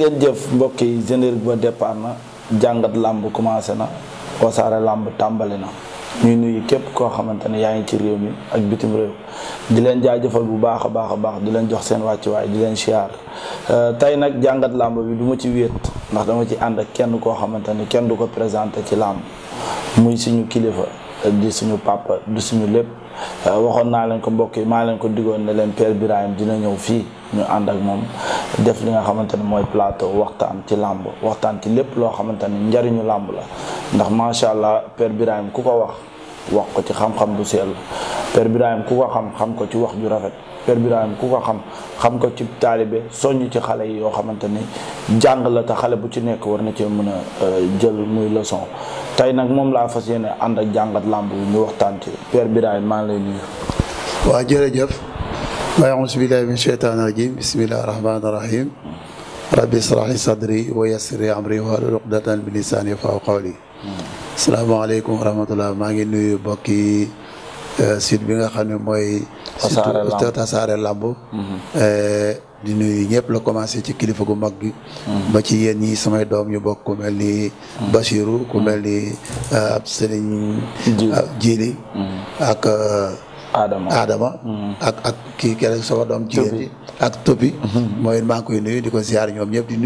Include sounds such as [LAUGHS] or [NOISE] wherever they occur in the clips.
ngeen jëf mbokk yi générique ba départ na jàngat làmb commencé na wasaare làmb tàmbali na ñuy nuyu képp koo xamante ne yaa ngi ci réew mi ak bitim réew di leen jaajëfal bu baax a baax a baax di leen jox seen wàccuwaay di leen siyaar euh, tey nag jàngat làmb bi du ma ci wéet ndax dama ci ànd ak kenn koo xamante ne kenn du ko présenté ci làmb muy suñu kilifa di suñu papa du suñu lépp euh, waxoon naa leen ko mbokk yi maa leen ko digoon ne leen Père Birahim dina ñëw fii. ñu ànd ak moom def li nga xamante ne mooy plateau waxtaan ci làmb waxtaan ci lépp loo xamante ni njariñu làmb la ndax macha allah Père Birahim ku ko wax wax ko ci xam-xam bu sell per Birahim ku ko xam xam ko ci wax ju rafet Père Birahim ku ko xam xam ko ci taalibe soññ ci xale yi yoo xamante ni jàng la te xale bu ci nekk war na cee mën a euh, jël muy leçon tey nag moom laa fas yéene ànd ak jàngat làmb yu ñu waxtaan ci Père Birahim maa ngi lay nuyu. waa jërëjëf. أعوذ بالله من الشيطان الرجيم بسم الله الرحمن الرحيم ربي اشرح لي صدري ويسر لي أمري واحلل عقدة من لساني يفقهوا قولي asalaamaaleykum wa rahmatulah maa ngi nuyu bokki euh, site bi nga xam ne mooy. tasaare lamb surtout tasaare lamb. Mhm. Euh, ñëpp la commencé ci kilifa gu mag gi. Mhm. ba ñi samay doom yu bokk ku mel ni. Mhm. Bachirou ku mel ni euh, ab Jili Adama Adama. Mm. ak ak kii keneen sama doom jigéen ji ak topi mm-hmm. mooy maa ngi koy nuyu di ko ziar ñoom ñëpp di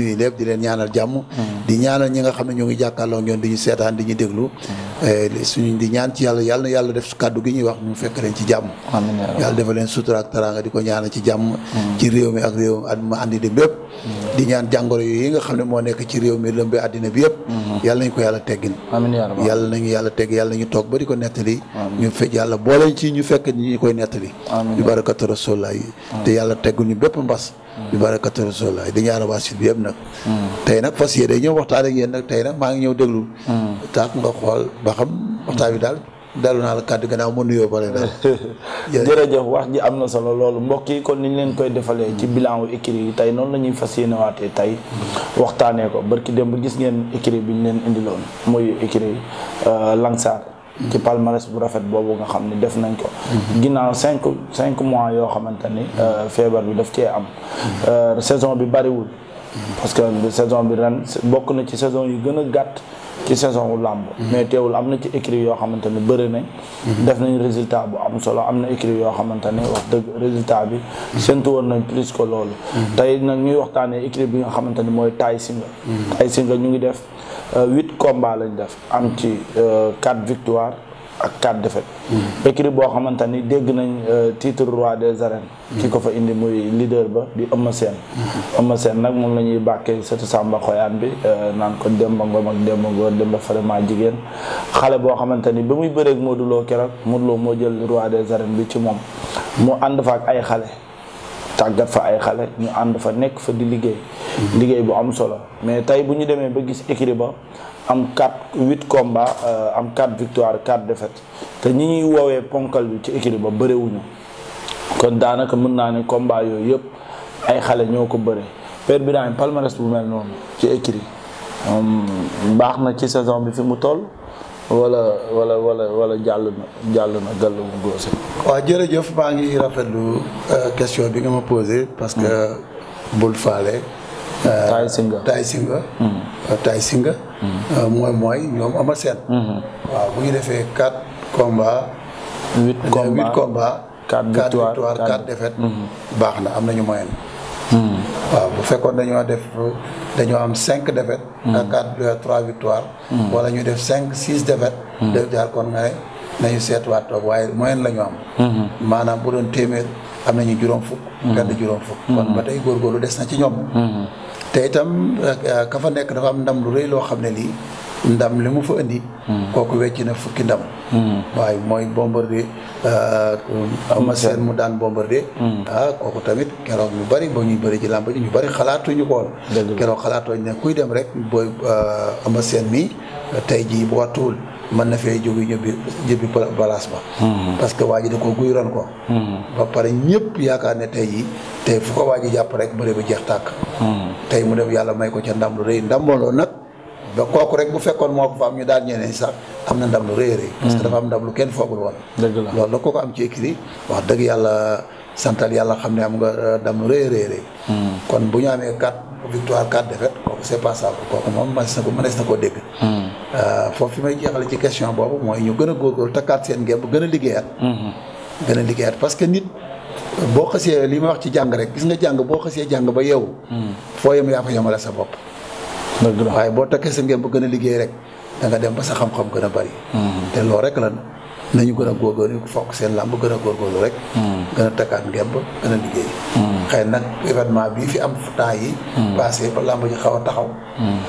leen ñaanal jàmm. Mm. di ñaanal ñi nga xam ne ñu ngi jàkkaarloo ñoom di ñu seetaan di ñu déglu. Mm. Eh, suñu di ñaan ci yàlla yàlla na yàlla def kàddu gi ñuy wax ñu fekk leen ci jàmm. yàlla defal leen sutura ak di ko ñaanal ci jàmm. ci réew mi ak réew mi àdduna andi di di ñaan jàngoro yi nga xam ne moo nekk ci réew mi lëmbe àddina bi yëpp. Mm-hmm. yàlla nañu ko yàlla teggin. yàlla nañu yàlla tegg yàlla nañu toog ba di ko nettali. ñu fekk yàlla boole ci ñu fekk ñu ñi koy nettali bi barakatu rasulaay te yàlla tegguñu bépp mbas bi barakatu rasulaay di ñaanal waa sud yëpp nag tey nag fas yéene ñëw waxtaan ak yéen nag tey nag maa ngi ñëw déglu taat nga xool ba xam waxtaan bi daal dalu naa la kàddu gannaaw ma nuyoo ba daal. [LAUGHS] jërëjëf wax ji am na solo loolu mbokk yi kon ni leen koy defalee ci bilan wu écrit yi tey noonu la ñuy fas yéene waatee tey waxtaanee ko barki démb gis ngeen écrit bi ñu leen indiloon muy écrit euh, Langsar. ci palmarès bu rafet boobu nga xam ni def nañ ko ginnaaw cinq cinq mois yoo xamante ni euh, feebar bi daf cee am euh, saison bi bariwul parce que saison bi ren bokk na ci saison yu gën a gàtt ci saison wu làmb mais teewul am na ci écrit yoo xamante ne bëri nañ def nañ résultat bu am solo am na écrit yoo xamante ne wax dëgg résultat bi séntu woon nañ plus ko loolu tey nag ñuy waxtaanee écrit bi nga xamante ne mooy Tay Shinger Tay Shinger ñu ngi def Euh, huit combats lañu def am ci euh, quatre victoires ak quatre défaites. Hmm. écurie boo xamante ni dégg nañ euh, titre roi des arènes. Hmm. ki ko fa indi muy leader ba di Eumeu Sène. Hmm. Eumeu seen nag moom la ñuy bàkkee sëtu Samba Xoyaan bi naan ko Demba Ngom ak Demba Ngor Demba Farima jigéen xale boo xamante ni ba muy bëreeg Modou Lo keroog Modou Lo moo jël roi des arènes bi ci moom mu ànd fa ak ay xale tàggat fa ay xale ñu ànd fa nekk fa di liggéey. liggéey bu am solo mais tey bu ñu demee ba gis écurie ba am 4 8 combats euh, am 4 victoire 4 défaites te ñi ñuy woowee ponkal bi ci écurie ba bëriwuñu kon daanaka mën naa ne combat yooyu yëpp ay xale ñoo ko bëre Père Birahim palmarès bu mel noonu ci écurie baax na ci saison bi fi mu toll wala wala wala wala jàll na jàll na gàll mu góose waaw jërëjëf maa ngi rafetlu euh, question bi nga ma posé parce que hmm. bul faale Euh, Taï Singa Taï Singa. Hmm. Euh, Taï Singa. Hmm. Euh, mooy mooy ñoom ama seen. Hmm. waaw bu ñu defee quatre combats. huit combats huit combats. quatre victoires quatre défaites. baax na am nañu moyen. waaw bu fekkoon dañoo def dañoo am cinq défaites. ak quatre trois victoires. wala ñu def cinq six défaites. def jaar kon nga ne nañu seetwaat waaye moyen la am. maanaam bu doon téeméer am na juróom fukk. perte juróom fukk. kon ba tey góorgóorlu des na ci ñoom. te itam euh, ka fa nekk dafa am ndam lu rëy loo xam ne lii ndam li mu fa indi hmm. kooku wecc na fukki ndam hmm. waaye mooy bombardier ama euh, hmm. seen mu daan bombardier ah kooku tamit keroog ñu bari ba ñuy bëri ci làmb ji ñu bari xalaatuñu ko woon keroog xalaatooñ ne kuy dem rek booy ama seen mi tey jii bu wattuwul mën na fee jóg ñëbbi ñëbbi place ba. Hmm. parce que waa ji da ko guy ron ko. ba pare ñëpp yaakaar ne tey jii te fu ko waa ji jàpp rek bëre bi jeex tàkk. Hmm. tey mu dem yàlla may ko ca ndam lu rëy ndam loolu nag. ba kooku rek bu fekkoon moo ko am ñu daal ñeneen sax am na ndam lu rëy parce que hmm. dafa am ndam lu kenn foogul woon. dëgg la loolu la ko am ci écrit wax dëgg yàlla santal yàlla xam ne am nga euh, ndam lu rëy a rëy kon bu ñu amee quatre victoire quatre défaite kooku c'est passable kooku moom mënees na ko mënees na koo dégg. Euh, foofu fi may jeexale ci question boobu mooy ñu gën a góorgóorlu takkaat seen ngémb gën a liggéeyaat. Mm-hmm. gën a liggéeyaat parce que nit boo xasee li ma wax ci jàng rek gis nga jàng boo xasee jàng ba yeewu. Mm-hmm. foo yem yaa fa yemale sa bopp. waaye boo takkee sa ngémb gën a liggéey rek da nga dem ba sa xam-xam gën a bari. Mm-hmm. te loolu rek lan. nañu gën a góorgóorlu fokk seen làmb gën a góorgóorlu rek. gën a takkaat ngemb gën a liggéey. xëy nag événement bii fi am temps yi passé ba làmb ji xaw a taxaw.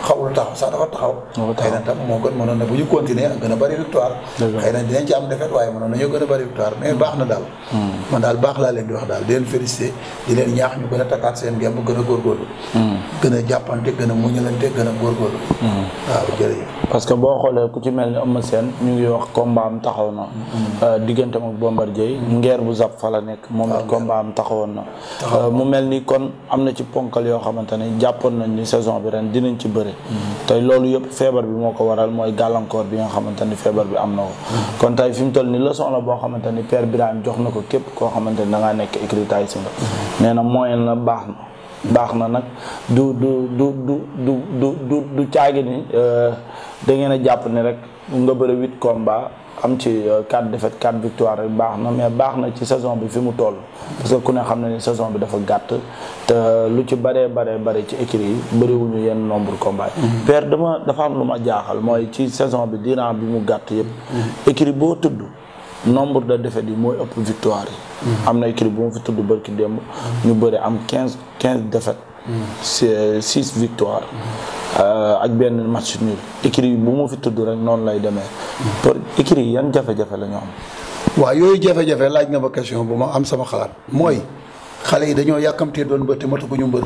xawul taxaw sax dafa taxaw. xëy na tam moo gën mënoon na bu ñu continuer gën a bëri victoire. xëy na dinañ ci am defet waaye mënoon nañoo gën a bari victoire mais baax na daal. man daal baax laa leen di wax daal di leen félicité di leen ñaax ñu gën a takkaat seen ngemb gën a góor góorgóorlu. gën a jàppante gën a muñalante gën a góorgóorlu. waaw jërëjëf parce que boo xoolee ku ci mel ni Eumeu seen ñu ngi wax combat am taxaw na. Euh, diggante digganteem bombar Bombardier ngeer bu zap fa la nekk. moom it ah, combat am taxawoon na. Euh, mu mel ni kon am na ci ponkal yoo xamante ne jàppoon nañ ni saison bi ren dinañ ci bëre. Mm-hmm. tey loolu yëpp feebar bi moo ko waral mooy gàllankoor bi nga xamante ni feebar bi am na ko. Mm-hmm. kon tey fi mu toll ni leçon la boo xamante ni Père Birahim jox na ko képp koo xamante ni da nekk écrit taay mm-hmm. moyen baax na. baax nag du du ni. Euh, da ngeen a jàpp ne rek nga bëri huit combats am ci euh, quatre défaites quatre victoires rek baax na mais baax na ci saison bi fi mu toll. parce ku ne xam na ni saison bi dafa gàtt te lu ci bëree bëree bari ci écrit yi bëriwuñu yenn nombre komba yi. Mm-hmm. père dafa am lu ma jaaxal mooy ci saison bi diiran bi mu gàtt yëpp. Mm-hmm. écrit boo tudd. nombre de défaites yi mooy ëpp victoire yi. Mm-hmm. am na écrit bu ma fi tudd barki démb. ñu bëri am quinze quinze défaites. c'est euh, six victoires. Euh, ak benn match nul écurie bu mu fi tudd rek noonu lay demee. pour écurie yan jafe-jafe la ñu am. waaw yooyu jafe-jafe laaj nga ma question bu ma am sama xalaat mooy xale yi dañoo yàkkamtee doon mbër te ñu mbër.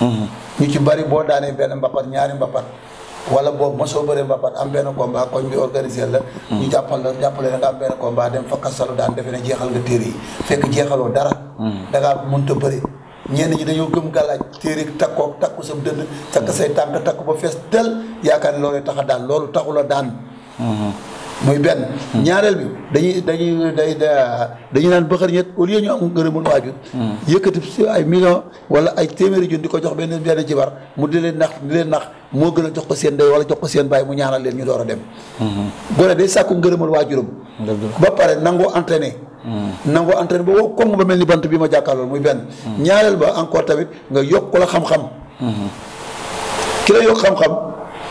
Mhm. ñu ci bari boo daanee benn mbapat ñaari mbappat wala boobu ma soo bëree mbapat am benn combat koñ bi organisé la. Mhm. ñu jàppal la jàppale la nga am benn combat dem fa kastalu daan defe ne jeexal nga téere yi fekk jeexaloo dara. Mhm. da ngaa mënut a bëri. ñenn ñi dañoo gëm gàllaaj téere takkook takku sa dënn takk say tànk takk ba fees del yaakaar ne loolee tax daal loolu taxula daan mm-hmm. muy benn. ñaareel bi dañuy dañuy day dañuy naan bëxër ñett au lieu ñu am ngërëmul waajur. Hmm. yëkkati si ay million wala ay téeméeri junni di ko jox benn benn ci mu di leen nax di leen nax moo gën a jox ko seen day wala jox ko seen baay mu ñaanal leen ñu door a dem. Hmm. gone day sàkku ngërëmul waajuram. ba pare nangoo entraîné. Hmm. nangoo entraîné ba woo koŋŋ ba mel ni bant bi ma jàkkaarlool muy benn. ñaareel ba encore tamit nga yokk la xam-xam. ki la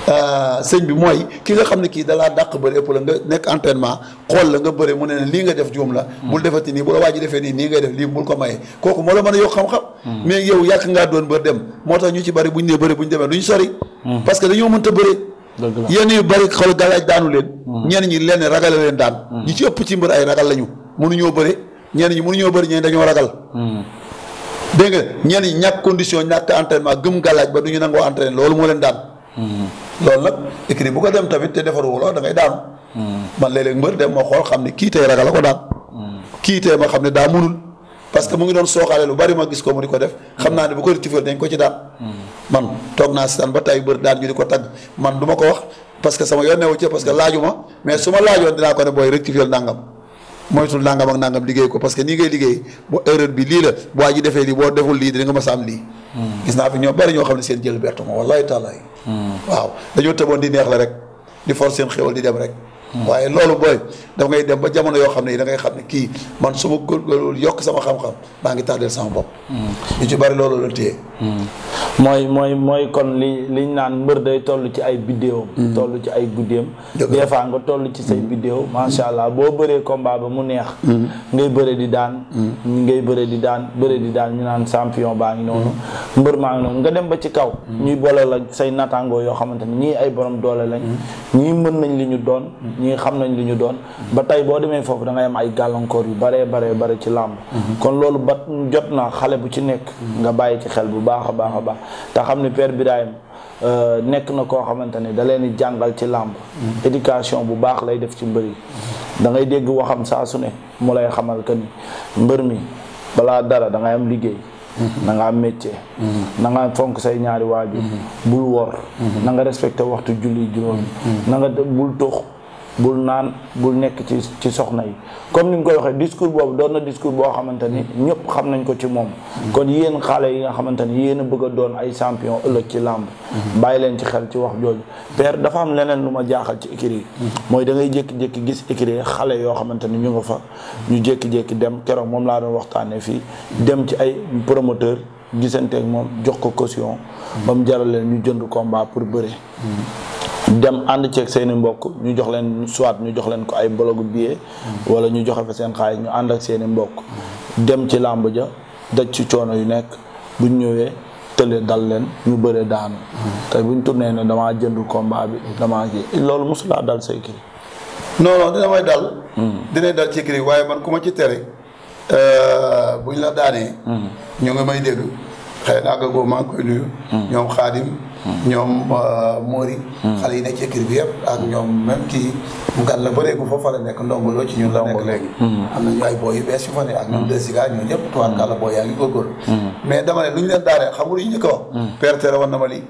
Euh, sëñ bi mooy ki nga xam ne kii dalaa dàq bëri ëpp la nga nekk entraînement xool la nga bëri mu ne lii nga def juum la bul defati nii bu la waa ji defee nii nii ngay def lii bul ko mayee kooku moo la mën a yokk xam-xam hmm. mais yow yàq ngaa doon bër dem moo tax ñu ci bëri buñ ne bëri buñ demee duñ sori hmm. parce que dañoo mënta bëri yenn yu bëri xool galaaj daanu leen hmm. ñenn ñi lenn ragale leen daan ñi ci ëpp ci mbër ay ragal lañu mënuñoo bëri ñenn ñi mënuñoo bëri ñenn dañoo ragal dégg nga ñenn ñi ñàkk condition ñàkk entraînement gëm galaaj ba du ñu nangoo entraîné loolu moo leen daan loolu nag écrit bu ko dem tamit te defaru la da daanu. man léeg-léeg mbër dem ma xool xam ne kii tey ragal la ko daan. kii tey ma xam ne daa munul. parce que mu ngi doon sooxaale lu bari ma gis ko mu di ko def. xam naa ne bu ko rectifier dañ ko ci daan. man toog naa si ba tay bër daan ñu di ko tagg man duma ko wax parce que sama yoon newu ci parce que laaju ma mais su ma laajoon dinaa ko ne booy rectifier nangam. moytul nangam ak nangam liggéey ko parce que nii ngay liggéey boo erreur bi lii la bu waa ji defee lii boo deful lii dina nga ma sa am lii hmm. gis naa fi ñoo bari ñoo xam ne seen jël bertu ma wallahi taala hmm. waaw dañoo tëboon di neex la rek di force seen xéwal di dem rek hmm. waaye loolu booy daf ngay dem ba jamono yoo xam ne da ngay xam ne kii man su ma góorgóorlu yokk sama xam-xam maa ngi tardeel sama bopp. li ci bari loolu la téye. mooy mooy mooy kon li liñ naan mbër day toll ci ay biddéewam mm. toll ci ay guddeem des fois nga tollu ci say mm. biddéew macha allah boo bëree combat ba mu neex mm. ngay bëre di daan ngay bëre di daan bëre di daan ñu naan sampion baa ngi noonu mbër maa ngi noonu nga dem ba ci kaw ñuy boole la say nattangoo yoo xamante ni ñii ay borom doole lañ ñii mën nañ li ñu doon ñii xam nañ li ñu doon ba tey boo demee foofu da am ay gàllankoor yu baree baree bare ci làmb mm-hmm. kon loolu ba jot na xale bu ci nekk nga bàyyi ci xel bu baax a baax a baax te xam ni Père Birahim euh, nekk na koo xamante ne da leen di jàngal ci làmb éducation bu baax lay def ci mbër yi da dégg waxam saa su ne mu lay xamal que ni mbër mi balaa dara da ngay am liggéey nanga am métier na nga fonk say ñaari waajur mhm. bul wor mhm. na nga respecté waxtu julli juróomi mhm. na nga bul tux bul naan bul nekk ci ci soxna yi comme ni nga koy waxee discours boobu doon na discours boo xamante ni ñëpp xam nañ ko ci moom kon yéen xale yi nga xamante ni yéen a bëgg a doon ay champion ëllëg ci làmb bàyyi leen ci xel ci wax jooju père dafa am leneen lu ma jaaxal ci écurie yi mooy dangay jékki-jékki gis écurie yi xale yoo xamante ni ñu nga fa ñu jékki-jékki dem keroog moom laa doon waxtaanee fii dem ci ay promoteur gisanteeg moom jox ko caution ba mu jaral leen ñu jënd combat pour bëre dem ànd ceeg seen i mbokk ñu jox leen soit ñu jox leen ko ay bologu billet. wala ñu joxe fa seen xaalis ñu ànd ak seen i mbokk. dem ci làmb ja daj ci coono yu nekk buñ ñëwee tële dal leen ñu bëre daanu. te buñ tourné ne damaa jënd combat bi damaa ji loolu mosulaa dal say kii. non non dina may dal. Hmm. dina dal waaye man ku ma ci tere. Euh, buñ la daanee. Hmm. ñoo nga may dégg xëy na àggagoo maa ngi koy nuyu. Hmm. ñoom xaadim. ñoom euh, Mori. xale yi nekk ci équipe bi yëpp ak ñoom même kii mu gàll la bëree bu fa la nekk ndongolo ci ñun la léegi. am na ñu ay booy yu bees yu fa ne ak ñoom mm. Desiga ñun ñëpp tuwaat mm. kàlla booy yaa ngi mm. xam nga lu ñu njëkk woon na ma lii.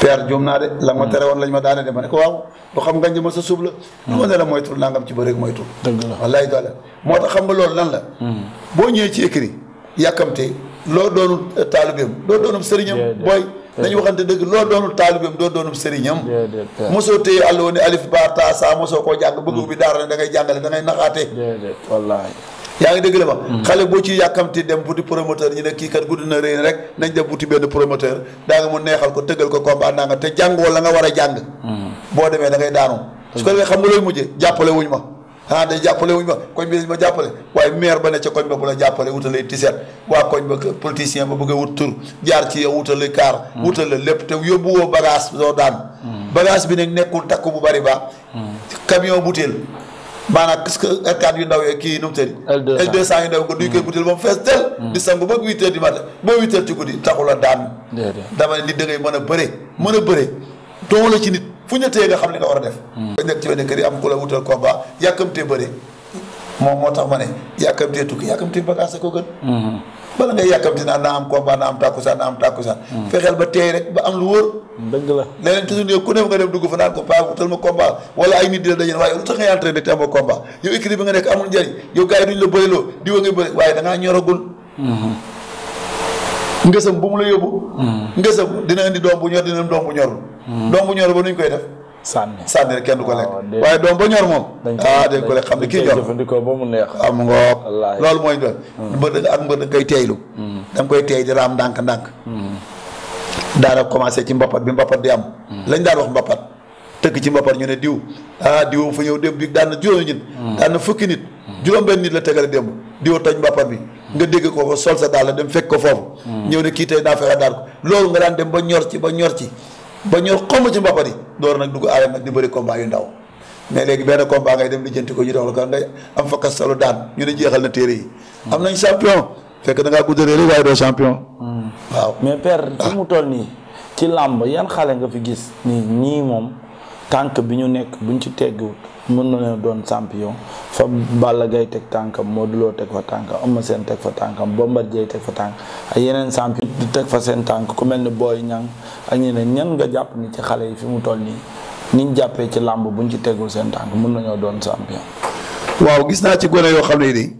père naa de la ma tere woon lañ ma daane de ne ko waaw du xam nga ma sa suub la. lu ma ne la moytul nangam ci bëreeg moytul. la wallaay moo xam nga loolu lan la. boo ñëwee ci écrit yàkkamte loo doonul taalibeem loo doonul sëriñam booy dañu waxante dëgg loolu doonul taalibeem doo doonul sëriñam mosoo téye àll woon ne alif ba ta sa mosoo koo jàng bëgg hmm. bi daara ne da ngay jàngale da ngay naxaate yaa ngi dégg la ma hmm. xale boo ci yàkkamti dem buti promoteur ñu ne kii kat gudd na rëy rek nañ dem buti benn promoteur daa nga mu neexal ko tëggal ko combat naa nga te jàngoo la nga war a jàng hmm. boo demee dangay ngay daanu su ko defee xam nga looy mujjee jàppale wuñ ma ah day jàppale wuñ ma koñ bi dañ ma jàppale waaye maire ba ne ca koñ ba bu la jàppale wutalee tiset waa koñ ba politicien ba bëgg a wut tur jaar ci yow wutale kaar hmm. wutale lépp te yóbbu woo bagage soo daan hmm. bagage bi nag nekkul takku bu bari ba hmm. camion butéel maanaam est-ce que R4 yu ndaw yee kii nu mu tëdd L200 yu ndaw nga duy koy butéel moom fees tel di sangu ba huit heures du matin ba huit heures ci guddi taxu la daan dama ne nit da ngay mën a bëre mën a bëre don la ci nit fu ñu nga xam ne nga war a def. Hmm. nga nekk ci benn kër yi am ku la wutal combat yàkkamtee bëre moom moo tax ma ne yàkkamtee tukki yàkkamtee bagage ko gën. Hmm. bala ngay yàkkamti naan naa am combat naa am tàkkusaan naa am tàkkusaan hmm. fexeel ba teey rek ba am lu wóor dëgg la leneen toujours ne ku ne nga dem dugg fa naan ko paa wutal ma combat wala ay nit di la dajeen waaye lu tax ngay entraîné te amoo combat yow écrit bi nga nekk amul njëriñ ngësëm bu mu la yóbbu. Mm. ngësëm dina indi doom bu ñor dina indi doom bu ñorul. Mm. doom bu ñor ba nuñ koy def. sànni sànni kenn ko lekk oh, waaye doom ba ñor moom. ah dañ ko lekk xam ne kii ñor jëfandikoo ba mu neex. am ngoog loolu mooy doon. Mm. mbër ak mbër da nga koy koy teey di raam ndànk-ndànk. daara commencé ci mbapat bi mbapat di am. lañ daan wax mbapat. tëkk ci mbapat ñu ne diw ah diw fa ñëw dégg daan na juróomi nit. daan na fukki nit. juróom-benn nit la tegale démb diwa toj mbàppat bi nga dégg ko fa sol sa daal dem fekk ko foofu. ñëw ne kii tey daa fexe daal ko loolu nga daan dem ba ñor ci ba ñor ci ba ñor xomm ci mbàppat yi door nag dugg arène nag di bëri combat yu ndaw. mais léegi benn combat ngay dem lijjanti ko ñu dox la ko ngay am fa kas solo daan ñu ne jeexal na téere yi. am nañ champion fekk da ngaa gudd réer waaye doo champion. Hmm. waaw mais père fi ah. mu toll nii ci làmb yan xale nga fi gis. nii moom tànk bi ñu nekk buñ ci teggiwut mën na doon champion fa Balla gay teg tànkam moo Lo teg fa tànkam Eumeu seen teg fa tànkam Bombardier teg fa tànk ak yeneen champion di teg fa seen tànk ku mel ni Boy Niang ak ñeneen ñan nga jàpp ni ci xale yi fi mu toll nii niñ jàppee ci làmb buñ ci tegul seen tànk mën nañoo doon champion waaw gis naa ci gone yoo xam ne nii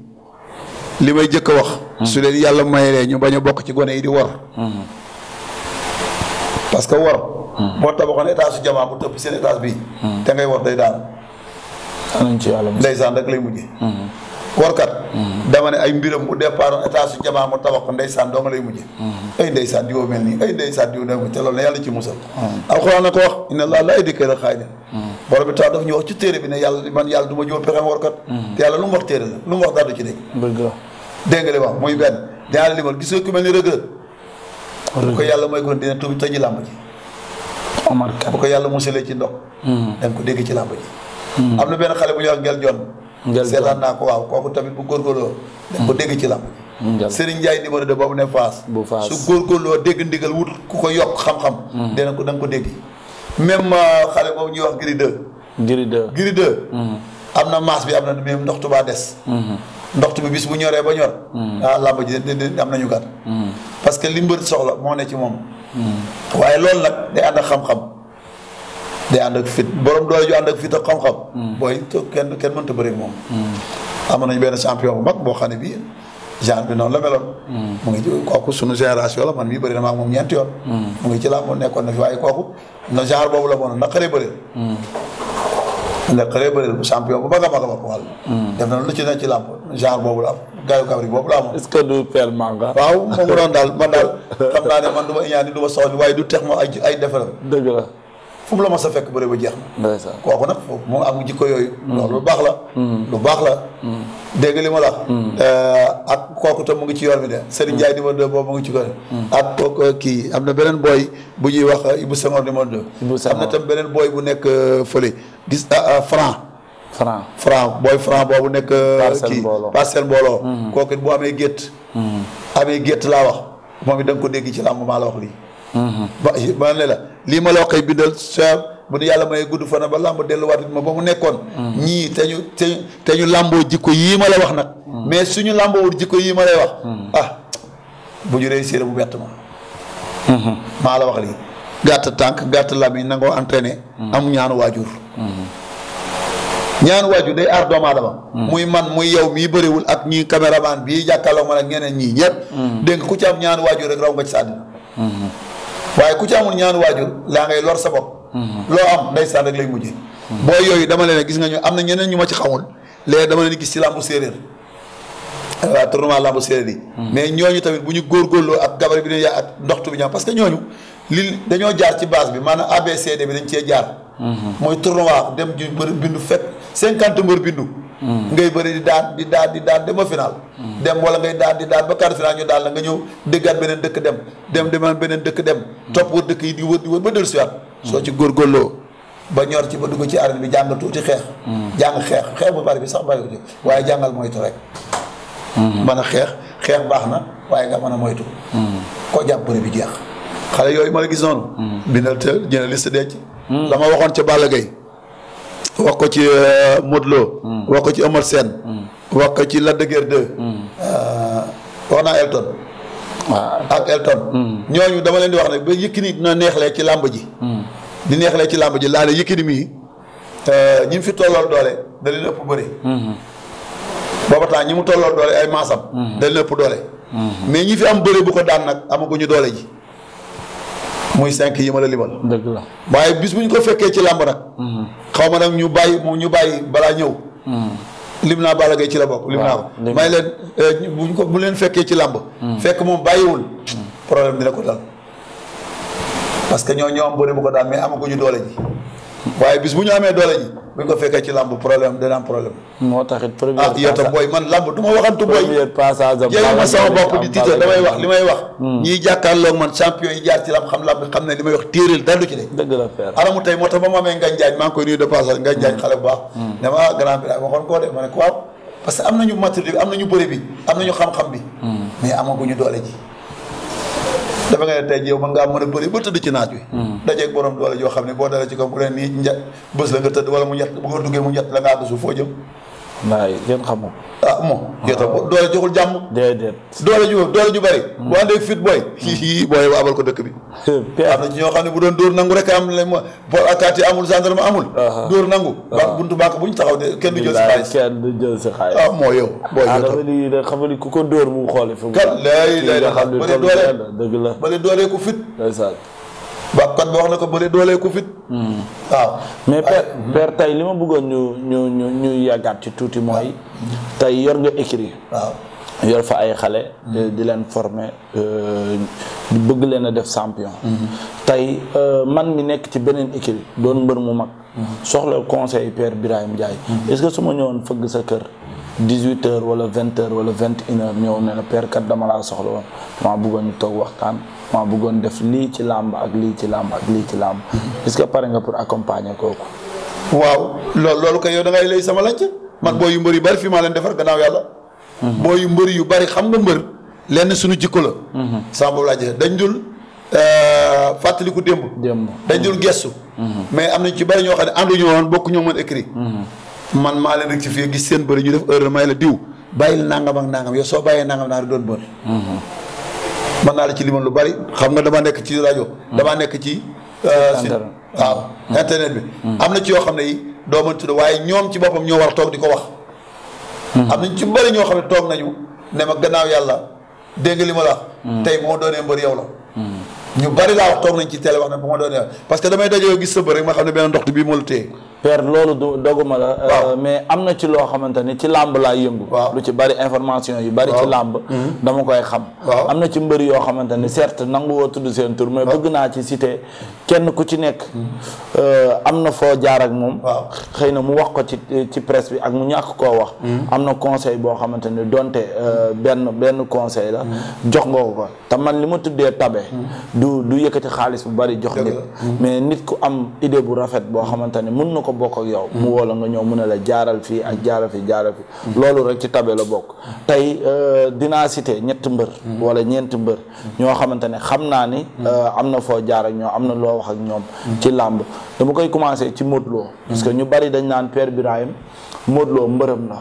li may jëkk a wax hmm. su leen yàlla mayee ñu bañ a bokk ci gone yi di war hmm. parce que war moo hmm. tabaxoon étage su jamaa bu tëpp seen étage bi te ngay war daal nañ ci yàlla ndeysaan rek lay mujjee. koorkat. dama ne ay mbiram bu départ état su jamaa mu tabax ko ndeysaan doo nga lay mujjee. ay ndeysaan diwoo mel nii ay ndeysaan diw dem te loolu na yàlla ci na ko wax inna laa laa yahdi kayda xaa'iniin. bi taal dafa ñu man yàlla du ma jóor pexem warkat. te yàlla lu mu wax téere la lu mu wax dara du ci dégg. dëgg la dégg nga li wax muy benn dinaa la limal gis nga mel ni rëgg bu ko yàlla mooy kon dina tëj tëj làmb ji. bu ko yàlla musalee ci ndox. Hmm. da ko dégg ci làmb ji am na benn xale bu ñuy wax ngel jon ngel seetaan naa ko waaw kooku tamit bu góorgóorloo. ko dégg ci làmb. Serigne Ndiaye numéro de boobu ne Faas. bu Faas su góorgóorloo dégg ndigal wut ku ko yokk xam-xam. Hmm. dina ko da nga ko dégg. même euh, xale boobu ñuy wax Gris 2. Gris hmm. am na masse bi am na même ndoxtu baa des. Hmm. ndoxtu bi bis bu ñoree ba ñor. ah làmb ji am nañu gat parce que li mbër soxla moo ne ci moom. waaye loolu nag day ànd ak xam-xam. day ànd ak fit borom doole ju ànd ak fit ak xam-xam. Hmm. booy kenn kenn mënta bëri moom. Hmm. amoon nañu benn champion bu mag boo xam ne bii genre bi noonu la meloon. Hmm. mu ngi ci kooku sunu génération la man mii bëri na maa moom ñeenti yoon. mu ngi ci laa moom nekkoon na fi waaye kooku na genre boobu la moom def na lu ci ne ci làmp genre boobu la am gaayu kabri boobu la amoon. est que du père manga. waaw moom mu doon daal man daal [LAUGHS] xam naa ne man du ma ñaan du ma waaye du tex ma ay ay defaral. fu la mos sa fekk bëre bu jeex na. ndeysaan kooku nag foofu moom am jikko yooyu. Mm. loolu lu baax la. Mm. lu baax la. Mm. dégg li ma la. Eh, ak kooku tam mu ngi ci yoon bi de. Serigne Ndiaye numéro 2 boobu mu ngi ci yoon. ak kooku eh, kii am na beneen booy bu ñuy wax eh, Ibou Senghor numéro 2. Ibou na tam beneen booy bu nekk fële gis ah, ah, franc. franc franc booy franc boobu nekk. parcelle mbooloo kii parcelle mbooloo. kooku bu amee gétt. amee gétt laa wax moom it da ko dégg ci làmb maa la wax lii. ba ma ne la lii ma la waxee bindal sa bu nu yàlla may gudd fana ba làmb delluwaat ma ba mu nekkoon. ñii te ñu te ñu làmboo jikko yii ma la wax nag. mais suñu làmboo jikko yii ma lay wax. ah bu ñu réussir bu bett ma. maa la wax lii gàtt tànk gàtt làmmiñ nangoo entraîné. am ñaanu waajur. ñaanu waajur day aar doomu aadama. muy man muy yow mii bëriwul ak ñii caméraman bii jàkkaarloo man ak ñeneen ñii ñëpp. Mm-hmm. dégg nga ku ci am ñaanu waajur rek raw nga ci sa waaye ku ci amul ñaanu waajur laa ngay lor sa bopp. Mhm. loo am ndeysaan rek lay mujjee. Mhm. booy yooyu dama leen gis nga ñu am na ñeneen ñu ma ci xamul léegi dama leen gis ci làmbu séeréer. Euh, waaw tournoi làmbu séeréer yi. Mhm. mais ñooñu tamit bu ñu góor góorgóorloo ak gabar bi ne yaa ak ndoxtu bi ñaam parce que ñooñu li dañoo jaar ci base bi maanaam ABCD bi dañ cee jaar. mooy tournoi dem ju mbër bindu fekk cinquante mbër bindu. ngay bëri di daan di daan di daan dema finaal dem wala ngay daan di daan ba quart final ñu daal la nga ñëw déggaat beneen dëkk dem dem demaan beneen dëkk dem topp wër dëkk yi di wër di wër ba dellu siwaat soo ci góorgóorloo ba ñor ci ba dugg ci arène bi jàng tuuti xeex jàng xeex xeex bu bari bi sax bariwuti waaye jàngal moytu rek mën a xeex xeex baax na waaye nga mën a moytu koo jàpp bi jeex xale yooyu ma la gis noonu mm. bindal te jëna liste denc mm. la ma waxoon ci Balla Gaye wax ko ci euh, Modou Lo. Hmm. wax ko ci Eumeu Sène. Hmm. wax ko ci Lac de hmm. euh, wax naa Elton. waaw ak Elton. ñooñu dama leen di wax ne ba Yékini dina neexlee ci làmb ji. di neexlee ci làmb ji laa ne Yékini mii euh, ñi fi tolloon doole da leen ëpp bëri. booba ñi mu tolloon doole ay maasam. da leen ëpp doole. mais ñi fi am bëri bu ko daan nag amaguñu doole ji. muy cinq yi ma la limal. la waaye bis bu ñu ko fekkee ci làmb nag. Mhm. xaw ma nag ñu bàyyi mu ñu bàyyi balaa ñëw. Mhm. lim naa Balla Gaye ci la bokk. lim naa ko may leen eh, bu ñu ko bu leen fekkee ci làmb. Mhm. fekk moom bàyyiwul. problème dina ko dal parce que ñoo ñoo am bëri bu ko daal mais amaguñu doole ji. waaye bis bu ñu amee doole ji bu ñu ko fekkee ci làmb problème dana am problème. moo tax it premier. ah yow tam booy man làmb du waxantu booy. premier ma sama bopp di damay wax li may wax. Hmm. ñiy jàkkaarloog man champion yi jaar ci làmb xam làmb xam ne li may wax téeréel dallu ci de. dëgg la père moo tax ba mu amee Ngagne maa ngi koy nuyu de passage Ngagne xale bu baax. ne hmm. ma grand bi waxoon koo de ma ne ko waaw parce am na ñu bi am nañu bëri bi am nañu xam-xam bi. Hmm. mais amaguñu doole dafa nga ne tey yow mën ngaa mën a bëri ba tëdd ci naaj wi hmm. dajeeg borom doole joo xam ne boo dalee ci kaw bu ne nii nja bés la nga tëdd wala mu ñett bu nga duggee mu ñett la ngaa dusu foo jëm waay kenn xamul. ah moom. yow tam ah. doole joxul jàmm. déedéet. doole ju doole ju bëri. Hmm. bu àndee fit booy. xii hmm. booy ba abal ko dëkk bi. [LAUGHS] am na ci ñoo xam ne bu doon dóor nangu rek am le ma port akaati amul ma amul. Ah, ah. dóor nangu. waaw buntu banque bu ñu taxaw de kenn du jël si xaalis. moo yow. booy yow tam ah da xam ni ku ko dóor mu xoole fi mu. kat lay lay la xam ne doole dëgg la. bële doole ku fit. ba bakkan bi wax na ko bëri doolee ku fit. Hmm. waaw. mais per père tey li ma bëggoon ñu ñu ñu ñu yàggaat ci tuuti mooy. tey yor nga écrit. waaw yor fa ay xale. Euh, di leen forme di euh, bëgg leen a def champion. Hmm. tey euh, man mi nekk ci beneen écrit doon mbër mu mag. Hmm. soxla conseil père Birahim Ndiaye. est-ce que su ma ñëwoon fëgg sa kër. dix huit heures wala vingt wala vingt une heure ñëw ne na père kat dama laa soxla woon maa bëggoon ñu toog waxtaan. maa bëggoon def lii ci làmb ak lii ci làmb ak lii ci làmb est que pare nga pour accompagner kooku. waaw loolu loolu kay yow da ngay sama laaj man booy yu mbër yu bari fii maa leen defar gannaaw yàlla. Mhm. booy yu mbër yu bari xam nga mbër lenn suñu jikko la. sàmm bu laajee dañ dul euh, fàttaliku démb. démb dañ dul gestu. Mhm. mais am nañ ci bari ñoo xam ne ànduñu woon bokk ñoo mën écrit. Mhm. man maa leen rek ci fii gis seen bëri ñu def heure may la diw bàyyil nangam ak nangam yow soo bàyyee nangam naa doon bëri. mën naa la ci limal lu bari xam nga dama nekk ci rajo. damaa nekk ci. Euh, waaw internet bi. Hmm. am na ci yoo xam ne yi doo mën tudd waaye ñoom ci boppam ñoo war toog di ko wax. Hmm. am nañ ci bëri ñoo xam ne toog nañu ne ma gannaaw yàlla dégg nga li ma la. Hmm. tey bu ma doonee mbër yow la. ñu bari laa wax nañ ci télé wax na ba ma doon yàlla parce que damay dajoo gis sëb rek ma xam ne benn ndox bii moo la téye. père loolu doguma la. Euh, mais am na ci loo xamante ni ci làmb laa yëngu. lu ci bari information yu bari. ci làmb. Mm-hmm. dama koy xam. am na ci mbër yoo xamante ni certes nangu woo tudd seen tur. mais bëgg naa ci cité kenn ku ci nekk. Mm-hmm. Euh, am na foo jaar ak moom. xëy na mu wax ko ci ci presse bi ak mu ñàkk koo wax. Mm-hmm. am na conseil boo xamante ni donte euh, benn benn conseil la. jox nga man li ma tuddee tabe. du du yëkkati xaalis bu bari jox nit mais nit ku am idée bu rafet boo xamante ne mun na ko bokk ak yow mu woo la nga ñëw mu ne la jaaral fii ak jaaral fii jaaral fii mm. loolu rek ci tabe la bokk tey euh, dinaa cité ñetti mbër mm. wala ñeenti mbër ñoo xamante ne xam naa ni mm. euh, am na foo jaar ak ñoom am na loo wax ak ñoom ci làmb dama koy commencé ci Modou Lo parce ñu bari dañ naan Père Birahim Modou Lo mbërëm la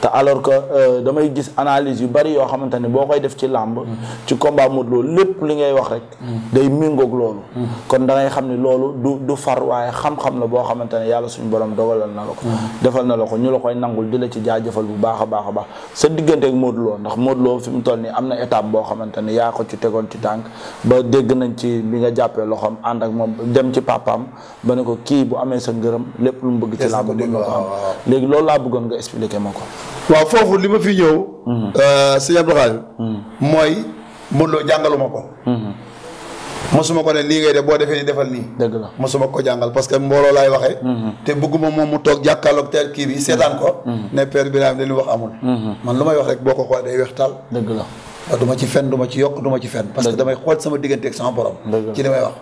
te alors que euh, damay gis analyse yu bari yoo xamante ne boo koy def ci làmb ci day méngoog loolu kon da ngay xam ne loolu du du far waaye xam-xam la boo xamante ne yàlla suñu borom dogalal na la ko defal na la ko ñu la koy nangul di la ci jaajëfal bu baax a baax a baax sa diggante ak Modou Lo ndax Modou mu toll nii am na étape boo xamante ne yaa ci tegoon ci tànk ba dégg nañ ci bi nga jàppee loxoom ànd ak moom dem ci papaam ba ne ko kii bu amee sa ngërëm lépp lu mu bëgg ci laa ko mën na ko am léegi loolu laa bëggoon nga expliquer ma ko waaw foofu li ma fi ñëw mm-hmm. euh, sëñ Abdou Khadre mm-hmm. mooy Modou Lo ma ko mm-hmm. mosuma ko ne lii ngay def boo defee ni defal nii. dëgg la mosuma ko jàngal parce que mbooloo laay waxee. Mhm. te bëgguma moom mu toog jàkkaarloog teel kii bi seetaan ko. Mhm. ne père Birahim dañu wax amul. Mhm. man lu may wax rek boo ko xoolee day weex taal. dëgg la waaw ci fen du ma ci yokk du ci fen. parce que damay xool sama diggante ak sama borom. ci li may wax.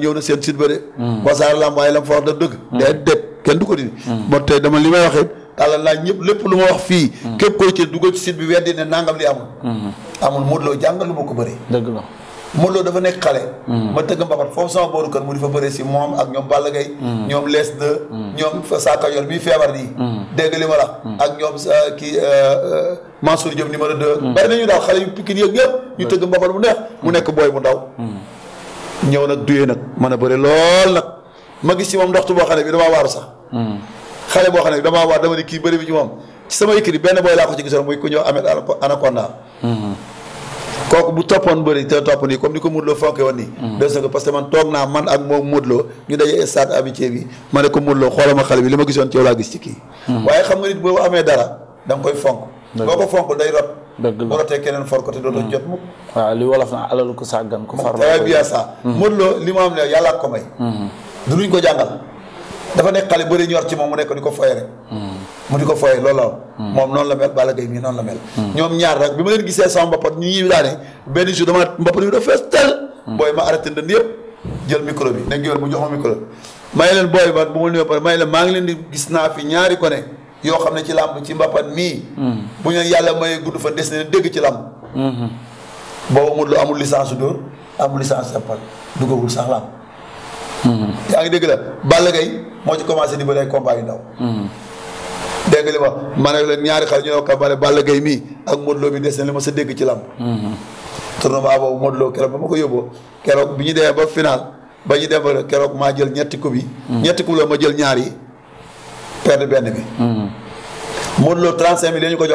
doo seen site ba de. Wassare la mu dëgg. day déet kenn du ko dindi. ba tey dama li may wax it. tàllal naa ñëpp lépp lu ma wax fii. képp koy ci duggal ci bi weddi ne nangam li amul. amul Modou Lo jàngal lu ma ko bëree. dëgg la Modou Lo dafa nekk xale. Hmm. ma tëgg mbapat foofu sama booru kër mu di fa bëree si moom ak ñoom Balla gay hmm. ñoom Les Deux. Hmm. ñoom Sakka Yor bii feebar nii. dégg li ma la. ak ñoom sa kii euh, euh, Mansour Diop numéro 2. bari nañu daal xale yu Pikine yëg yëpp ñu tëgg mbapat bu neex mu nekk booy bu ndaw. ñëw nag duyee nag mën a bëri lool nag ma gis si moom ndoxtu boo xam ne bi damaa waaru sax. xale boo xam ne damaa waar dama ne kii bëri bi ci moom ci sama yëkkati benn booy laa ko ci gisoon muy ku ñëw Ahmed Anaconda. kooku bu toppoon bëri te topp nii comme ni ko Modou Lo fonke woon nii mm. des na ko parce man toog naa man ak moom Modou ñu daje stade amitié bi ma ne ko Modou Lo xale bi li ma gisoon ci yow laa gis ci kii mm. waaye amee dara da nga koy fonk boo ko fonkul day rot dëgg la boo rotee keneen for ko te dootoo mm. jot mukk waaw li wolof na alalu ko sàggan ko far la bien ça Modou li mu am ne yàlla ko may du luñ ko jàngal dafa nekk xale bëri ñor ci moom mu nekk di ko foye mu di ko fooyee loolu la hmm. moom noonu la mel Balla Gaye mii noonu la mel. Hmm. ñoom ñaar rek bi ma leen gisee sama mbappat ñu ñuy daane benn jour dama mbappat bi dafa ma arrêté ndënd yëpp jël micro bi dégg nga mu jox ma micro. may leen booy man bu ma nuyoo pare leen maa ngi leen di gis naa fi ñaari ko ne yoo xam ne ci làmb ci mbappat mii. Hmm. bu ñu yàlla may gudd fa des na dégg ci làmb. boobu amul amul licence dóor amul licence simple duggagul sax làmb. yaa ngi dégg la Balla Gaye moo ci commencé di bëre combat yu ndaw. dégg li ma ma leen ñaari xale ñu ne ko ma Balla Gaye mii ak Modou Lo bi des na li ma sa dégg ci làmb tournoi boobu Modou keroog ba ma ko yóbboo keroog bi ñu dee ba final ba ñu dem ba keroog jël ñetti coupe yi mm. ñetti la ma jël ñaar yi bi mm. Modou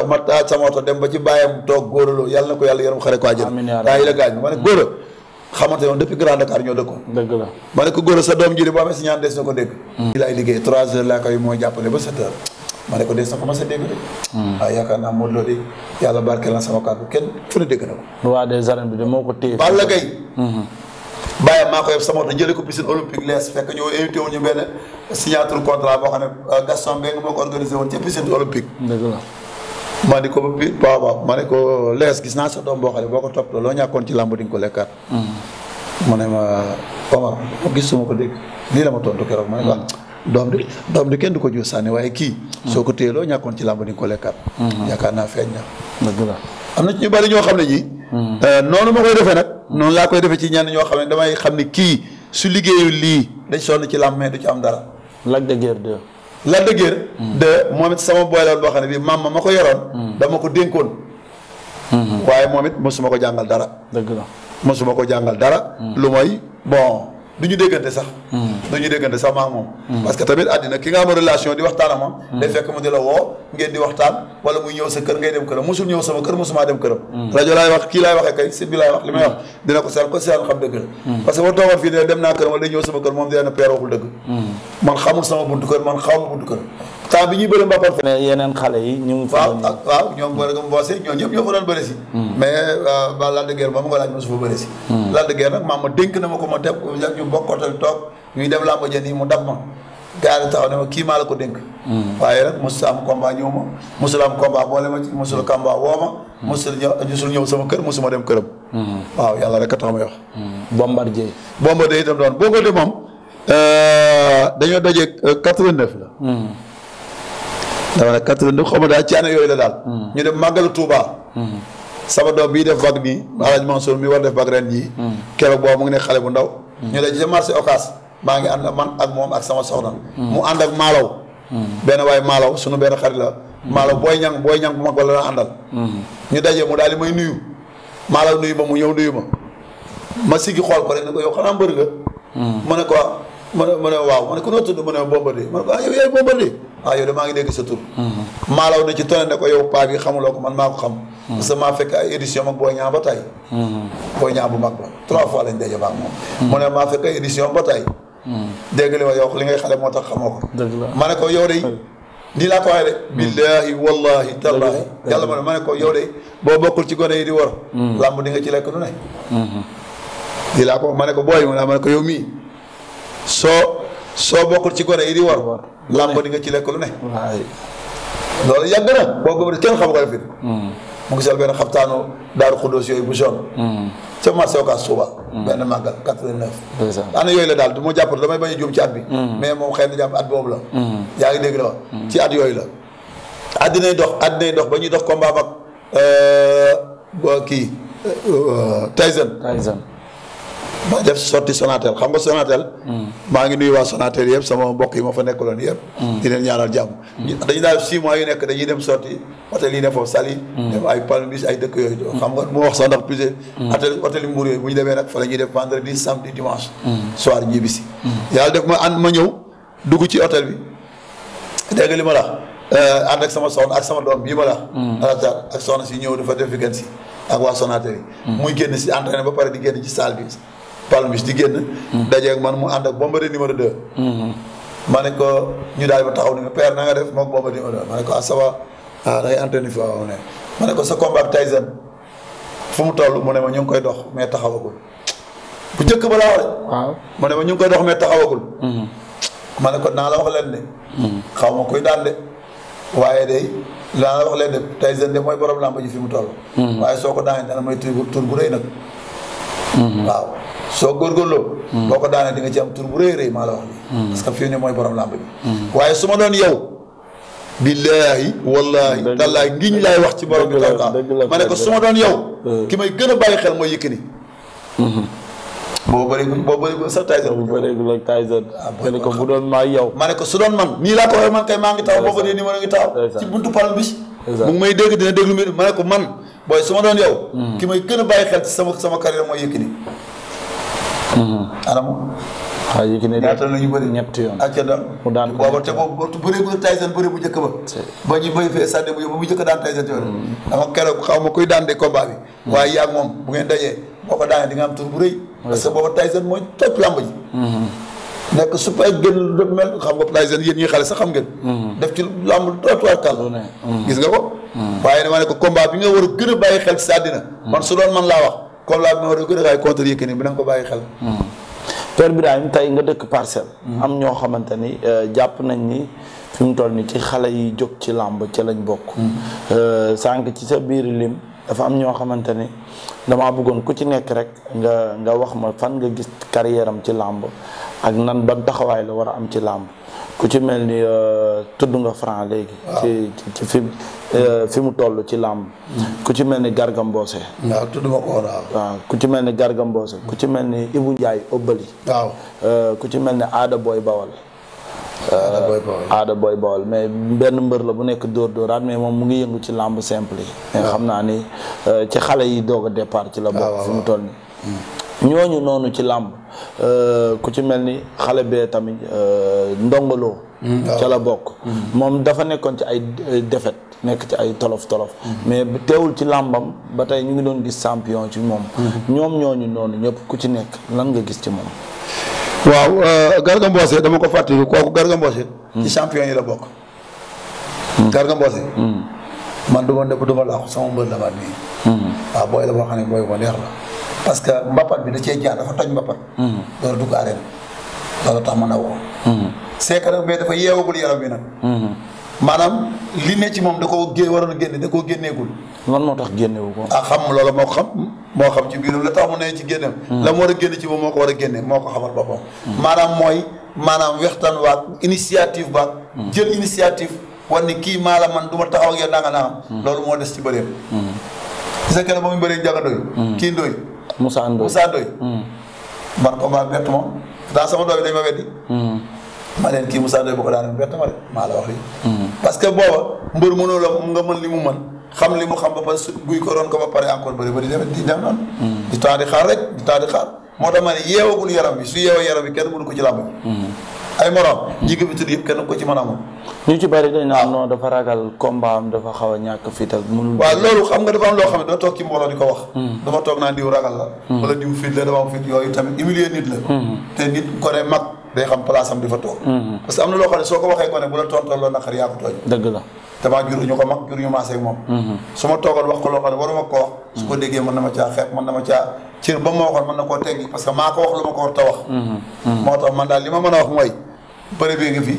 ma taaj sama oto dem ba ci bàyyam toog góoraloo yàlla na ko yàlla yaram xare ko àjjana daa yi la gaañ bi ma ne góora xamante woon depuis Grand Dakar ñoo dëkkoon ma ne ko góora sa doom ji boo amee mm. ba sept heures ma ne ko dee sa commencé dégg de. Hmm. waaw yaakaar naa Modou Lo de yàlla barkeel na sama kàddu kenn fu ne dégg na ko. waa des arènes bi de moo ko téye. Balla Gaye. Hmm. Baye maa ko yeb sama oto jëlee ko piscine olympique ñu invité wu ñu boo xam ne euh, Gaston Mbengue moo ko organisé woon ci piscine olympique. dëgg la. maa di ko bi ne ko lees gis naa sa doom boo xam ne boo ko topp loo ñàkkoon ci làmb ko lekkaat. mu hmm. ne ma Omar suma ko dégg lii la ma tontu keroog ma ne ko doom bi doom bi kenn du ko ju sànni waaye kii. soo ko téyeloo ñàkkoon ci làmb di nga ko lekkaat. Mhm. yaakaar naa feeñ na. dëgg la am na ci ñu bari ñoo xam ne ñii. Mhm. Euh, noonu ma koy defee nag. Mhm. noonu laa koy defee ci ñenn ñoo xam ne damay xam ne kii su liggéeyu lii dañ sonn ci làmb mais du ci am dara. Lac de Guiers 2. de moom it sama boy la boo xam ne bii maam ma ma ko yoroon. dama ko dénkoon. waaye moom it mosuma ko jàngal dara. dëgg la mosuma ko jàngal dara. lu may bon. du ñu déggante sax. Hmm. du ñu déggante sax maa moom. Hmm. parce tamit àddina ki nga am relation di waxtaan ak moom. Hmm. day fekk mu di la woo ngeen di waxtaan wala muy ñëw sa kër ngay dem këram mosul ñëw sama kër mosuma dem këram. rajo laay wax kii laay waxee kay site bi laay wax li may wax dina ko seetlu ko seetlu xam dëgg la. parce que fii ne dem naa këram wala day ñëw sama kër moom dina ne peer waxul dëgg. man xamul sama buntu kër man xamul buntu kër. temps bi ñuy bëri mbappat fa yeneen xale yi ñu ngi waaw waaw ñoom bërëgam boose ñoom ñëpp ñoo fa doon bëri si hmm. mais euh, ba Lac de Guiers moom nga laaj mosu fa bëri si hmm. Lac de Guiers nag maam ma dénk na ma ko ma teb ñu bokkootal toog ñuy def làmb jën yi mu dab ma gaari taxaw ne ma kii maa la ko dénk hmm. waaye nag mosul am combat ñëw ma mosul am combat boole ma ci mosul combat woo ma mosul ñëw mosul ñëw sama kër mosuma dem këram waaw yàlla rek a tax ma yox Bombardier Bombardier itam doon boo ko de moom euh, dañoo dajee 89 euh, la dama ne quatre-vingt-deux ma daal ci année yooyu la daal. Hmm. ñu dem màggalu Touba. Hmm. sama doom bii def vague nii hmm. Alaaji Mansour mi war def vague ren jii. keroog boobu mu ngi ne xale bu ndaw. ñu ne ci marché maa ngi man ak moom ak sama soxna. mu ànd ak benn waay Malaw sunu benn xarit la. Malaw booy ñang booy ñang bu mag wala ñu daje mu daal di may nuyu. Malaw nuyu ma mu ñëw nuyu ma. ma siggi xool ko rek ne ko yow xanaa mbër nga. mu ne ko ma ne ma ne waaw ma ne ku noo tudd ma ne Bombardier ma ne ko ah yow yaay Bombardier waaw ah, yow de maa ngi dégg sa tur. maalaw na ci tonne ko yow paa bi ko man maa ko xam. Hmm. parce fekk ay édition mag ñaa ba tey. Hmm. booy ñaa bu mag ba trois lañ daje baax moom. Hmm. mu ne maa fekk ay dégg li yow li ngay xale moo tax xamoo ma ne ko yow de nii laa ko waxee de. billaahi wallaahi tallaahi. yàlla ma ne ma ne ko yow de boo bokkul ci gone yi di war. làmb di nga ci lekk nu ne. nii laa ko ma ne ko booy ma ne ko yow mii soo soo bokkul ci gone yi di war. làmb di nga ci lekk lu ne. loolu yàgg na boo ko kenn xam nga fi. mu ngi sol benn xabtaanu daaru xuddoos bu jaune. Hmm. ca marché Ocass Touba. Hmm. benn màggal 89. ana yooyu la daal du ma jàpp damay bañ a juum ci at bi. Hmm. mais moom xëy na jàpp at boobu la. yaa ngi dégg la ci at yooyu la. addinay dox addinay dox ba ñuy dox combat ak euh, kii euh, euh, Tyson. Tyson. ma def sorti Sonatel xam nga Sonatel. Hmm. maa ngi nuy waa Sonatel yëpp sama mbokk yi ma fa nekk nekkaloon yëpp. Hmm. di leen ñaanal jàmm. Hmm. dañu daal six mois yu nekk dañuy dem sorti hôtel yi ne foofu Saly. def ay palmis ay dëkk yooyu. xam moo wax sax ndax plus hôtel hôtel ñu demee nag fa la ñuy def vendredi samedi dimanche. soir ñibbisi. yàlla def ma ànd ma ñëw dugg ci hôtel bi dégg li ma la euh, ànd ak sama soxna ak sama doom bii ma la. alatar ak soxna si ñëw dafa def si ak waa Sonatel yi. muy génn si entraîné ba pare di génn ci saal bi. palmis di génn. Hmm. dajeeg man mu ànd ak Bombardier numéro 2. Hmm. ma ne ko ñu daal ba taxaw ne père na def moom Bombardier numéro 2 ma ne ko ah ça va ah da ne ko sa combat ak fu mu toll mu ne ma ñu ngi koy dox mais taxawagul bu njëkk ba laa ne ma ñu koy dox mais taxawagul. Hmm. ne ko naa la wax leen de. xaw ma kuy daal de waaye de naa la wax leen de Tyson de mooy borom làmb ji fi mu toll. waaye soo ko daan dana tur bu rëy nag. waaw. soo góorgóorloo. boo ko daanee di nga ci am tur bu rëy rëy maa la wax bi parce que nii mooy borom làmb bi. waaye su ma doon yow. billaahi wallaahi tallaahi ngiñ laay wax ci borom bi tawka ma ne ko su ma doon yow. ki may gën a bàyyi xel mooy Yékini. Mm-hmm. boo boo bëri sax bu bëri ak Tyson ah, ko bu doon maa yow. ma ne su doon man nii laa maa ngi taw boo ko dee numéro ngi taw. ci buntu bi. ma ne man booy su ma doon yow. Mm-hmm. ki may gën a bàyyi xel sama sama carrière mooy Yékini Mm-hmm. anamu. waaw ah, yëg ne ñaata ñu bëri ñetti yoon ak ca da mu ko waaw ca bu Tyson bëree bu njëkk ba ba ñu bëri fee stade bu yóbbu bu njëkk daan Tyson yoon mm-hmm. dama keroog xaw ma kuy daan de combat bi mm-hmm. waaye yaa boo ko daanee di nga am tur bu rëy parce que booba Tyson mooy toj làmb ji nekk super gën lu mel xam nga Tyson def ci làmb trottoir gis nga ko waaye dama ne ko combat bi nga war a gën a bàyyi xel ci àddina man su doon man laa wax Kolda ak Maodo ku nekk ay contre Yékini bi na nga ko bàyyi xel. Hmm. Père Birahim tey nga dëkk parcelle. Hmm. am ñoo xamante ni euh, jàpp nañ ni fi mu toll nii ci xale yi jóg ci làmb ca lañ bokk. Hmm. Euh, sànq ci sa biir lim dafa am ñoo xamante ni damaa bëggoon ku ci nekk rek nga nga wax ma fan nga gis carrière ci làmb ak nan ba taxawaay la war a am ci làmb ku ci mel ni euh, tudd nga Franc léegi. ci ci fi euh, fi mu toll ci làmb. ku ci mel ni Garga ku ci mel ni Garga Mbossé ku ci mel ni Ibou Ndiaye Obali. waaw euh, ku ci mel ni Aada booy Bawal. Aada booy Bawal mais benn mbër la bu nekk dóor dóoraat mais moom mu ngi yëngu ci làmb simple yi. mais xam naa ni ci xale yi doog a départ ci la bokk. fi mu toll nii. Mm-hmm. ñooñu noonu ci làmb euh, ku ci mel ni xale bee tamit euh, ndongoloo mm-hmm. ca la ah. bokk mm-hmm. moom dafa nekkoon ci ay defet nekk ci ay tolof tolof mm-hmm. mais teewul ci làmbam ba tey ñu ngi doon gis champion ci moom ñoom ñooñu noonu ñëpp ku ci nekk lan nga gis ci moom waaw euh, Garga Mbossé dama ko fàttali kooku Garga Mbossé ci mm. champion yi la bokk mm. Garga Mbossé mm. man du ma nëbb du ma sama mbër la bii waaw ah, booy la boo xam ne booy bu neex la parce que mbappat bi da cee jaar dafa toj mbappat. Hmm. door dugg loolu tax mën a woo. c'est dafa yeewagul yaram bi nag. Hmm. maanaam li moom da koo gé waroon a génne da koo génneegul. lan moo tax génnewu ko. ah xam loolu moo xam moo xam ci biiram la tax mu ne ci génneem. Hmm. la mu war génne ci moom moo ko war a génne moo ko xamal boppam. maanaam mooy maanaam wextaan waat initiative baat. jël initiative war ni kii maala man du ma taxaw ak yow naa nga loolu moo des ci bëreem. gis nga kenn ba muy bëree njaga ndoy. kii ndoy. Moussa Ndoye Moussa Ndoye. man combat bett moom daa sama doom yi dañ ma weddi. ma leen kii Moussa Ndoye bu ko daanee bett ma de maa la wax lii. parce que booba mbër mënoo la nga mën li mu mën xam li mu xam ba pare su buy ko doon ko ba pare encore bëri bëri di dem di dem noonu. di temps di xaar rek di temps di xaar. moo tax ma ne yeewagul yaram bi su yeewee yaram bi kenn mënu ko ci làmb hmm. ay morom ñi ngi fi yëpp kenn ko ci mën a amoon. ñu ci bari dañ naan ah. non dafa ragal combat am dafa a ñàkk fit ak mënul. waaw loolu xam nga dafa toog ci wax. Hmm. dafa toog naan diw hmm. am ne mag na loo xam ne soo ko waxee ko ne bu la tontoo loo naqar yaa ko tooñ. dëgg la damaa jur ñu ko mag jur ñu maasee moom. su ma toogal wax ko loo xam ne waruma ko wax. su ko déggee mën na ma caa xeeb man na ma caa cër ba ma waxoon mën na koo teggi parce que maa ko wax lu ma ko war mhm, mhm. moo tax man daal li ma mën a wax mooy bëri bi nga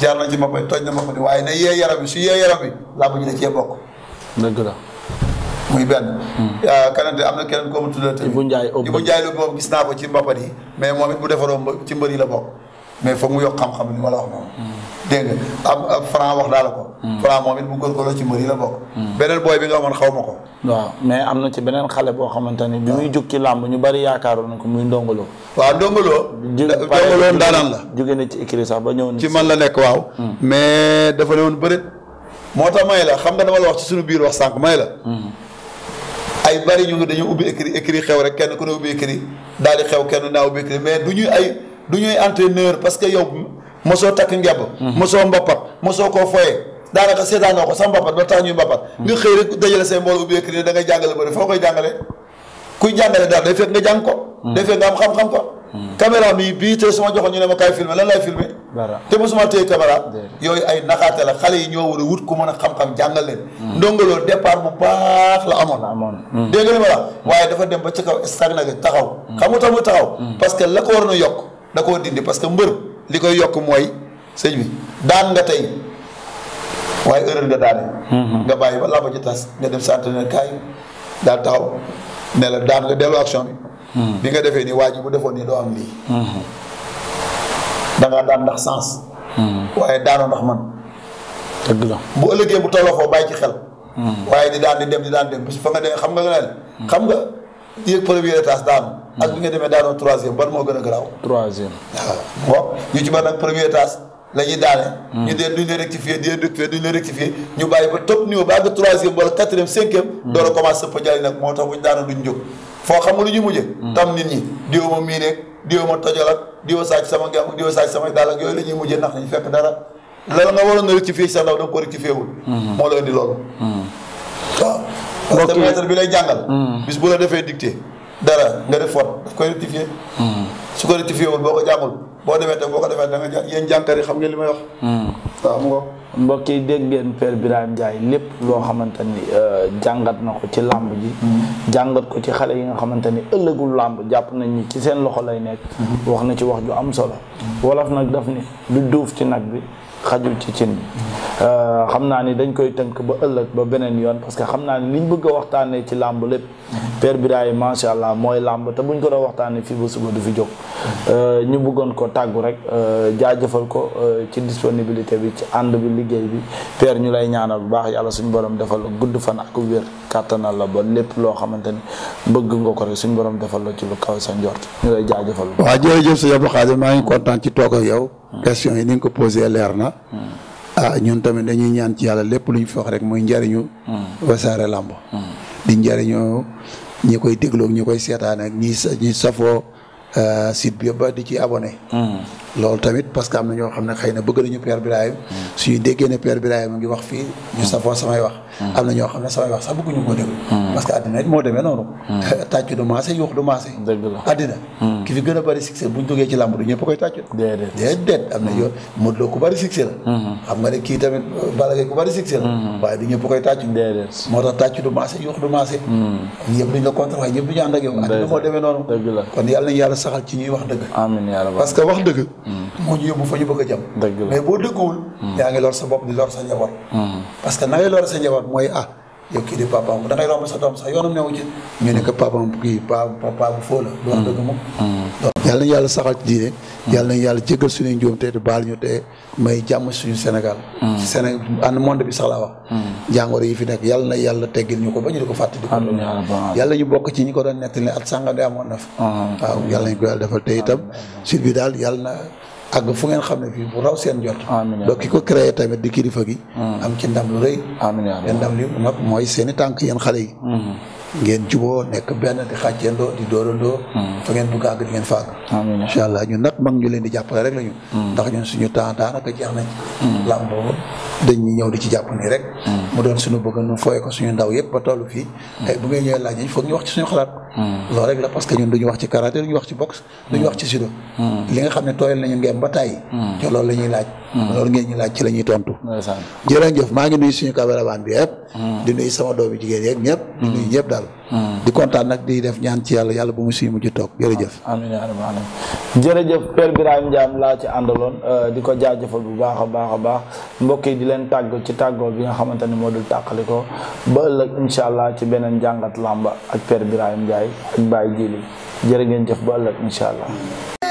jaar na ci ma koy toj na ma ko ni waaye na yee yaram bi su yee yaram bi làmb ji da cee bokk dëgg la muy benn mhm. kanante am na keneen koo ma tuddal tamit Ibu Njaay Ibu Njaay lu boobu gis naa ko ci mbapat yi mais moom it bu defaroo ci mbër yi la bokk mais foog mu yokk xam-xam ni ma la wax moom. dégg nga am ab wax daal ko. Hmm. Franc moom it mu góorgóorlu ci mbër yi la bokk. Hmm. beneen booy bi nga amoon xaw ma ko. waaw mais am na ci beneen xale boo xamante ni. bi muy jug ci làmb ñu bari yaakaaroon na ko muy ndongolo. waaw ndongolo. ju ndongolo daanaan la. jóge na ci écrit sax ba ñëw. ci man la nekk waaw. Hmm. mais dafa ne woon bëri. moo tax may la xam nga dama la wax ci suñu biir wax sànq may la. ay bari ñu ngi dañu ubbi écrit écrit xew rek kenn ku ne daal di xew kenn naa ubbi écrit du ay. du ñuy entraîneur parce que yow mosoo takk ngebb mhm. mosoo mbappat mosoo koo foye daanaka seetaanoo ko sax mbappat ba tax ñuy mbappat mhm. nga xëy rek dajale say mbooloo ubbi écrit da ngay jàngale bëri foo koy jàngale kuy jàngale daal day fekk nga jàng ko mhm. day fekk nga am xam-xam ko caméra mi bii te suma joxoon ñu ne ma kaay filmer lan lay filmer te mosuma téye caméra yooyu ay naxaate la xale yi ñoo war a wut ku mën a xam-xam jàngale leen ndongoloo départ bu baax la amoon dégg nga li ma la waaye dafa dem ba ci kaw stag taxaw xam nga tax mu taxaw parce que la ko waroon yokk da koo dindi parce que mbër li koy yokk mooy sëñ bi daan nga tey waaye erreur nga daane. Mhm. nga bàyyi ba làmb ji tas nga dem sant kaay daal taxaw ne daan nga dellu action bi. Mhm. nga defee nii waa ji bu defoon nii doo am lii. Mhm. da ngaa daan ndax sens. waaye daanoo ndax man. bu ëllëgee bu tolloo foofu bàyyi ci xel. waaye di daan di dem di daan dem parce fa nga demee xam nga nga ne xam nga yéeg première étage daanu. ak bi nga demee daanoo troisième ban moo gën a garaaw. troisième waaw. waaw ñu ci ban nag premier étage la ñuy daane. Hmm. ñu dee duñ la rectifier di leen rectifier duñ la rectifier ñu bàyyi ba top niveau ba àgg troisième wala quatrième cinquième. Hmm. door a commencé sëpp jali hmm. ak diw sàcc la fekk dara loolu nga waroon a rectifier ci sa ndaw ko rectifier la indi loolu. waaw. parce que bi lay jàngal. bis bu la defee dicté dara nga def faute daf koy rectifier. Hmm. su ko rectifier wul boo ko jàngul boo demee tam boo ko defee da nga ja yéen jànkar yi xam ngeen li may wax. Hmm. waaw mu ngoog. mbokk yi dégg ngeen Père Birahim Ndiaye lépp loo xamante ni euh, jàngat na ko ci làmb ji. Hmm. jàngat ko ci xale yi nga xamante ni ëllëgul làmb jàpp nañ ni ci seen loxo lay nekk. wax na ci wax ju am solo. wolof nag daf ni du duuf ci nag bi. xajul ci cin euh, xam naa ni dañ koy tënk ba ëllëg ba beneen yoon parce que xam naa ni liñ bëgg a waxtaanee ci làmb lépp Père Birahim macha allah mooy làmb te buñ ko doon waxtaanee fii ba suba du fi jóg euh, ñu bëggoon ko tàggu rek euh, jaajëfal ko ci disponibilité bi ci ànd bi liggéey bi per ñu lay ñaanal bu baax yàlla suñu borom defal la gudd fan ak wér kàttanal la ba lépp loo xamante ni bëgg nga ko rek suñu borom defal la ci lu kaw sa njort ñu lay jaajëfal. waaw jërëjëf si yow maa yow. question yi ni nga ko posé leer na. ah ñun tamit dañuy ñaan ci yàlla lépp lu ñu fi rek muy njariñu. wasaare làmb di njariñu ñi koy déglu ñi koy seetaan ak ñi ñi safoo ah, site bi yëpp di ci abonné. loolu tamit parce que am na ñoo xam ne xëy na bëgg nañu Père Birahim suñu déggee ne Père Birahim a ngi wax fii ñu safoo samay wax am na ñoo xam ne samay wax sax bëgguñu ko déglu parce que àddina it moo demee hmm. [LAUGHS] hmm. a bëri succès buñ duggee ci làmb du ñëpp koy tàccu déedéet am na yoon hmm. Modou Lo ku bëri succès la xam nga ne kii tamit Balla Gaye noonu kon yàlla nañu yàlla saxal ci ñuy wax dëgg parce que wax dëgg moo ñu yóbbu fa ñu bëgg a jëm mais boo dëgguwul hmm. yaa ngi lor sa bopp di lor sa njaboot hmm. parce que na ngay lor sa njaboot mooy ah yow kii di papaam da ngay sa doom sax yoonam ñu ne ko papaam kii pa papa bu foo la loolu hmm. dëgg moom yàlla nañu yàlla saxal diine yàlla nañu yàlla jéggal suñu njuum te baal ñu te may jàmm suñu Sénégal. Hmm. ci Sénégal ànd monde bi sax laa wax. Hmm. jàngoro yi fi nekk yàlla na yàlla teggil ñu ko ba ñu di ko fàtte di ko. yàlla ñu bokk ci ñu ko doon nettali at sàngam de amoon na fa. Hmm. waaw yàlla nañu ko yàlla defal te itam suite bi daal yàlla na àgg fu ngeen xam ne fii bu raw seen jot. donc ki ko créé tamit di kilifa gi. am ci ndam lu rëy. amiin amiin ndam li mooy seen i tànk yéen xale yi. ngeen juboo nekk benn di xàccendoo di dóorandoo hmm. fa ngeen bëgg a àgg di ngeen fa àgg incha allah ñun nag mag ñu leen di jàppale rek la ñu hmm. ndax ñun suñu temps daanaka jeex nañ hmm. lamb dañuy ñëw di ci jàpp nii rek. Hmm. mu doon suñu bëgg ñu fooyee ko suñu ndaw yëpp ba tollu fii. Hmm. Eh, bu ngay ñëwee laaj yi foog ñu wax ci suñu xalaat. Hmm. loolu rek la parce que ñun duñu wax ci karaté duñu wax ci boxe. duñu wax ci judo. li nga xam ne tooyal nañu ngeen ba tàyyi. te loolu la ñuy laaj. loolu ngeen ñu laaj ci la ñuy tontu. jërëjëf maa ngi nuyu suñu caméraman bi yëpp. di nuyu sama doomi jigéen yeeg ñëpp. di nuyu daal. Hmm. di kontaan nag di def ñaan ci yàlla yàlla bu mu suy mujj toog jërëjëf. a amiin amiin jërëjëf Père Birahim Ndiame laa ci àndaloon euh, di ko jaajëfal bu baax a baax a baax mbokk yi di leen tàggoo ci tàggoo bi nga xamante ni moo dul tàqali ko ba ëllëg incha allah ci beneen jàngat làmba ak Père Birahim Ndiaye ak Baye Djili jërë ngeen jëf ba ëllëg incha allah.